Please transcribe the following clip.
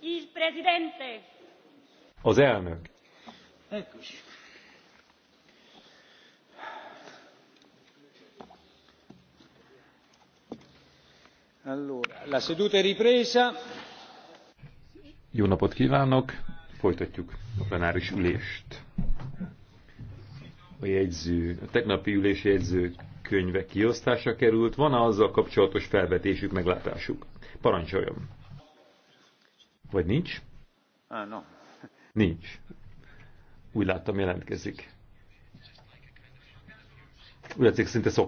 Il presidente. Az elnök. Ekkus. Allora, la seduta è ripresa. Jó napot kívánok! Folytatjuk a plenáris ülést. A jegyző, a tegnapi ülés jegyző könyve kiosztása került. Van-e azzal kapcsolatos felvetésük, meglátásuk? Parancsoljon! Vagy nincs? Á, no. Nincs. Úgy láttam, jelentkezik. Úgy látszik, szinte szokás.